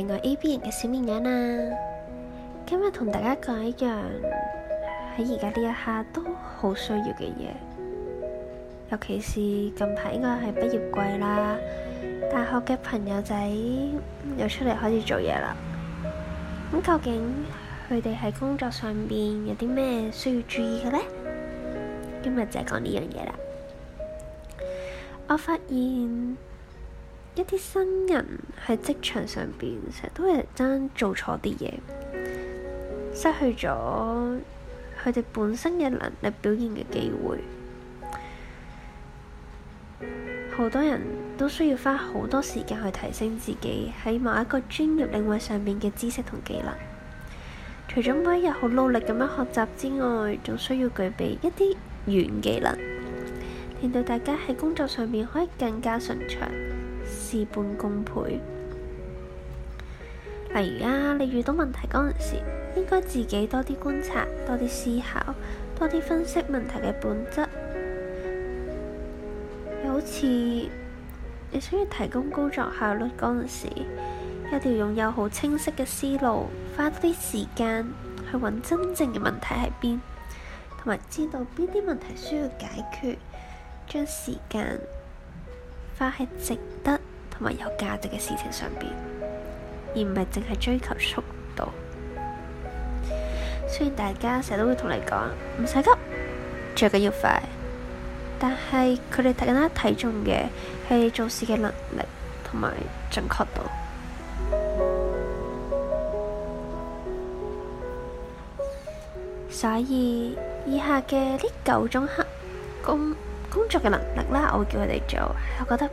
另外 AB 型嘅小面人啊，今日同大家講一樣喺而家呢一刻都好需要嘅嘢，尤其是近排應該係畢業季啦，大學嘅朋友仔又出嚟開始做嘢啦。咁究竟佢哋喺工作上面有啲咩需要注意嘅呢？今日就係講呢樣嘢啦。我發現。一啲新人喺職場上邊成日都係爭做錯啲嘢，失去咗佢哋本身嘅能力表現嘅機會。好多人都需要花好多時間去提升自己喺某一個專業領域上面嘅知識同技能。除咗每一日好努力咁樣學習之外，仲需要具備一啲軟技能，令到大家喺工作上面可以更加順暢。事半功倍。例如啊，你遇到問題嗰陣時，應該自己多啲觀察，多啲思考，多啲分析問題嘅本質。又好似你需要提供工作效率嗰陣時，一定要擁有好清晰嘅思路，花啲時間去揾真正嘅問題喺邊，同埋知道邊啲問題需要解決，將時間。係值得同埋有價值嘅事情上邊，而唔係淨係追求速度。雖然大家成日都會同你講唔使急，最緊要快，但係佢哋睇緊睇重嘅係你做事嘅能力同埋正確度。所以以下嘅呢九種黑工。工作嘅能力啦，我會叫佢哋做，我覺得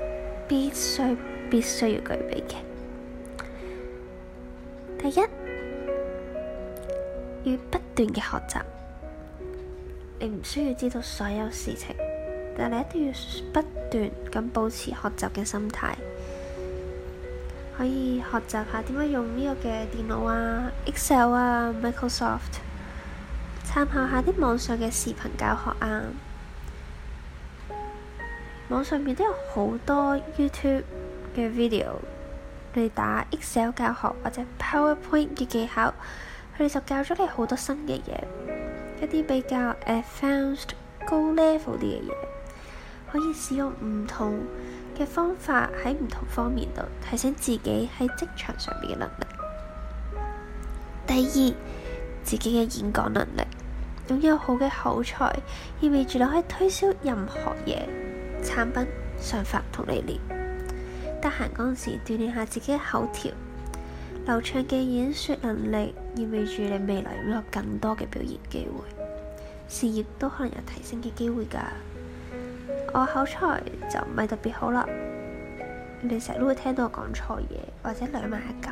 必須必須要具備嘅。第一，要不斷嘅學習。你唔需要知道所有事情，但你一定要不斷咁保持學習嘅心態。可以學習下點樣用呢個嘅電腦啊，Excel 啊，Microsoft，參考下啲網上嘅視頻教學啊。網上面都有好多 YouTube 嘅 video 佢哋打 Excel 教學，或者 PowerPoint 嘅技巧。佢哋就教咗你好多新嘅嘢，一啲比較 advanced、高 level 啲嘅嘢，可以使用唔同嘅方法喺唔同方面度提升自己喺職場上面嘅能力。第二，自己嘅演講能力，擁有好嘅口才，意味住你可以推銷任何嘢。產品想法同理念，得閒嗰陣時鍛煉下自己嘅口條流暢嘅演說能力，意味住你未來會有更多嘅表現機會，事業都可能有提升嘅機會㗎。我口才就唔係特別好啦，你成日都會聽到我講錯嘢或者兩萬一舊。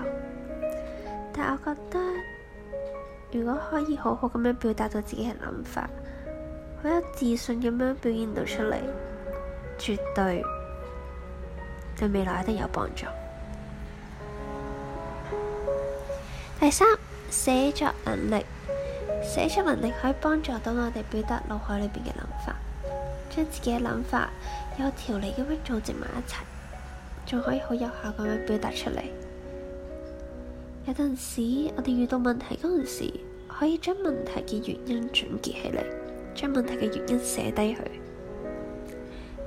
但我覺得如果可以好好咁樣表達到自己嘅諗法，好有自信咁樣表現到出嚟。絕對對未來一定有幫助。第三，寫作能力，寫作能力可以幫助到我哋表達腦海裏邊嘅諗法，將自己嘅諗法有條理咁樣組織埋一齊，仲可以好有效咁樣表達出嚟。有陣時，我哋遇到問題嗰陣時，可以將問題嘅原因總結起嚟，將問題嘅原因寫低佢。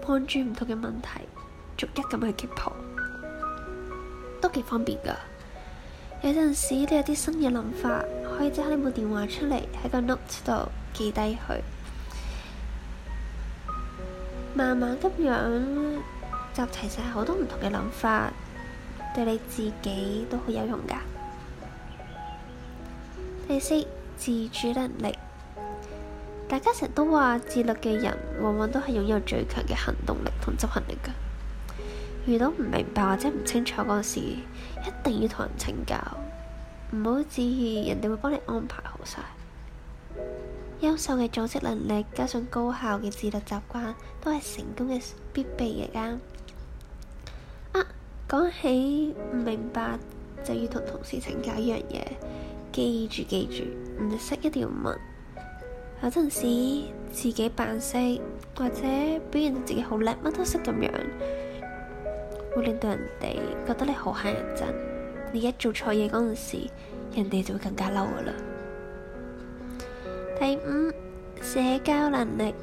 按住唔同嘅問題，逐一咁去擊破，都幾方便噶。有陣時你有啲新嘅諗法，可以即刻拎部電話出嚟喺個 note 度記低佢。慢慢咁樣集齊晒好多唔同嘅諗法，對你自己都好有用噶。第四，自主能力。大家成日都話自律嘅人，往往都係擁有最強嘅行動力同執行力噶遇到唔明白或者唔清楚嗰時，一定要同人請教，唔好自意人哋會幫你安排好晒。優秀嘅組織能力加上高效嘅自律習慣，都係成功嘅必備嘅。啊，講起唔明白就要同同事請教一樣嘢，記住記住，唔識一定要問。有陣時自己扮識或者表現到自己好叻，乜都識咁樣，會令到人哋覺得你好乞人憎。你一做錯嘢嗰陣時，人哋就會更加嬲㗎喇。第五，社交能力，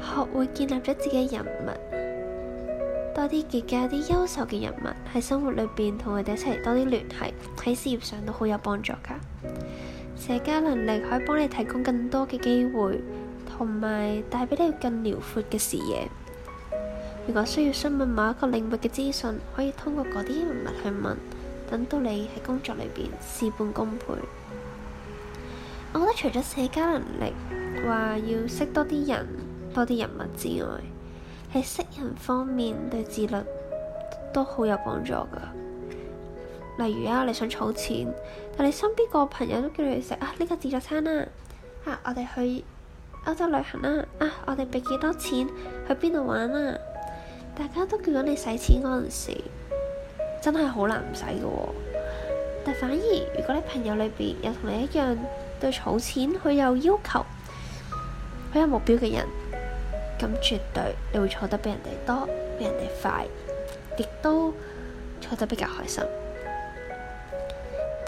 學會建立咗自己嘅人物，多啲結交啲優秀嘅人物，喺生活裏邊同佢哋一齊多啲聯繫，喺事業上都好有幫助㗎。社交能力可以幫你提供更多嘅機會，同埋帶俾你更遼闊嘅視野。如果需要詢問某一個領域嘅資訊，可以通過嗰啲人物去問，等到你喺工作裏邊事半功倍。我覺得除咗社交能力，話要識多啲人，多啲人物之外，喺識人方面對自律都好有幫助噶。例如啊，你想儲錢，但你身邊個朋友都叫你去食啊，呢、這個自助餐啦、啊，啊，我哋去歐洲旅行啦、啊，啊，我哋俾幾多錢去邊度玩啊？大家都叫緊你使錢嗰陣時，真係好難唔使㗎。但反而，如果你朋友裏邊有同你一樣對儲錢佢有要求、佢有目標嘅人，咁絕對你會儲得比人哋多，比人哋快，亦都儲得比較開心。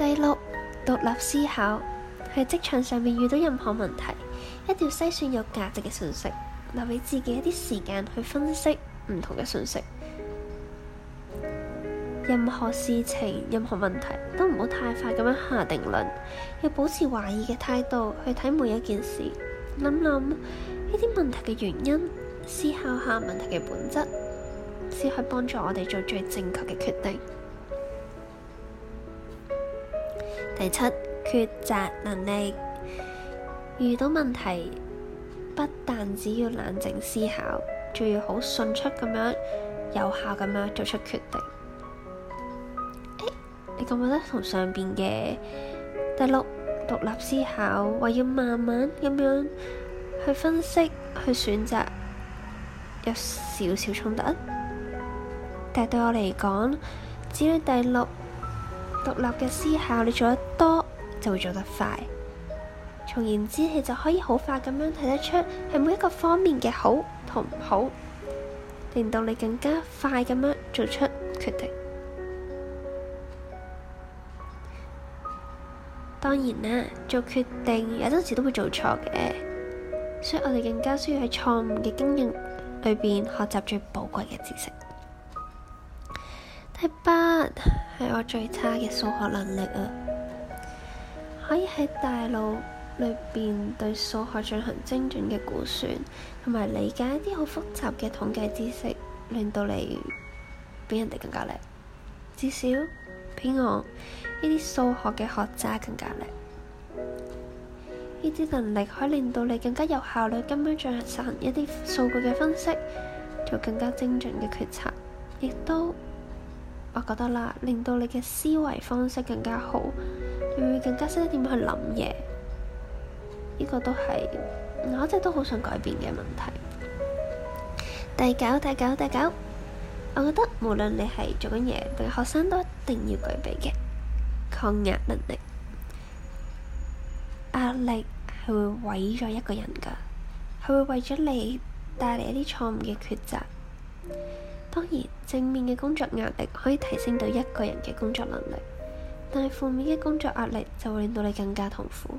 第六，獨立思考。喺職場上面遇到任何問題，一定要篩選有價值嘅信息，留俾自己一啲時間去分析唔同嘅信息。任何事情、任何問題都唔好太快咁樣下定論，要保持懷疑嘅態度去睇每一件事，諗諗呢啲問題嘅原因，思考下問題嘅本質，先可以幫助我哋做最正確嘅決定。第七，抉擇能力，遇到問題，不但只要冷靜思考，仲要好迅速咁樣有效咁樣做出決定。欸，你覺唔覺得同上邊嘅第六獨立思考，話要慢慢咁樣去分析、去選擇，有少少衝突？但係對我嚟講，只要第六。獨立嘅思考，你做得多就會做得快。從言之，你就可以好快咁樣睇得出係每一個方面嘅好同唔好，令到你更加快咁樣做出決定。當然啦，做決定有陣時都會做錯嘅，所以我哋更加需要喺錯誤嘅經驗裏邊學習最寶貴嘅知識。係乜？係我最差嘅數學能力啊！可以喺大腦裏邊對數學進行精準嘅估算，同埋理解一啲好複雜嘅統計知識，令到你比人哋更加叻。至少比我呢啲數學嘅學渣更加叻。呢啲能力可以令到你更加有效率，咁樣進行進行一啲數據嘅分析，做更加精準嘅決策，亦都。我覺得啦，令到你嘅思維方式更加好，你會更加識得點去諗嘢。呢、這個都係我一直都好想改變嘅問題。第九、第九、第九，我覺得無論你係做緊嘢，定係學生都一定要具備嘅抗壓能力。壓力係會毀咗一個人噶，係會為咗你帶嚟一啲錯誤嘅抉擇。當然，正面嘅工作壓力可以提升到一個人嘅工作能力，但係負面嘅工作壓力就會令到你更加痛苦。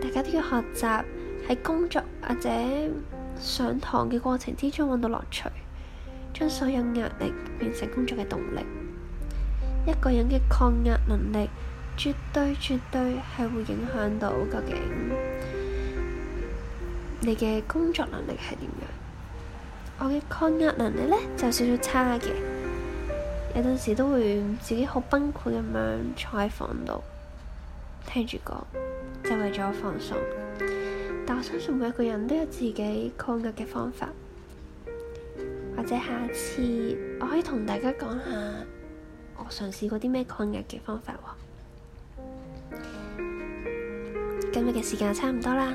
大家都要學習喺工作或者上堂嘅過程之中揾到樂趣，將所有壓力變成工作嘅動力。一個人嘅抗壓能力，絕對絕對係會影響到究竟你嘅工作能力係點樣。我嘅抗壓能力呢，就少少差嘅，有陣時都會自己好崩潰咁樣坐喺房度聽住歌，就爲咗放鬆。但我相信每一個人都有自己抗壓嘅方法，或者下次我可以同大家講下我嘗試過啲咩抗壓嘅方法喎。今日嘅時間差唔多啦，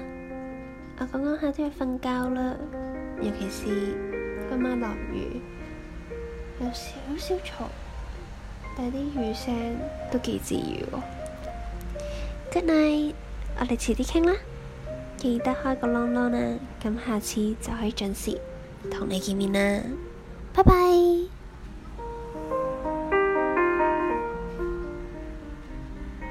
我講講下都要瞓覺啦，尤其是。今晚落雨，有少少嘈，但啲雨聲都幾治愈。Good night，我哋遲啲傾啦，記得開個啷啷啦，咁下次就可以準時同你見面啦。拜拜。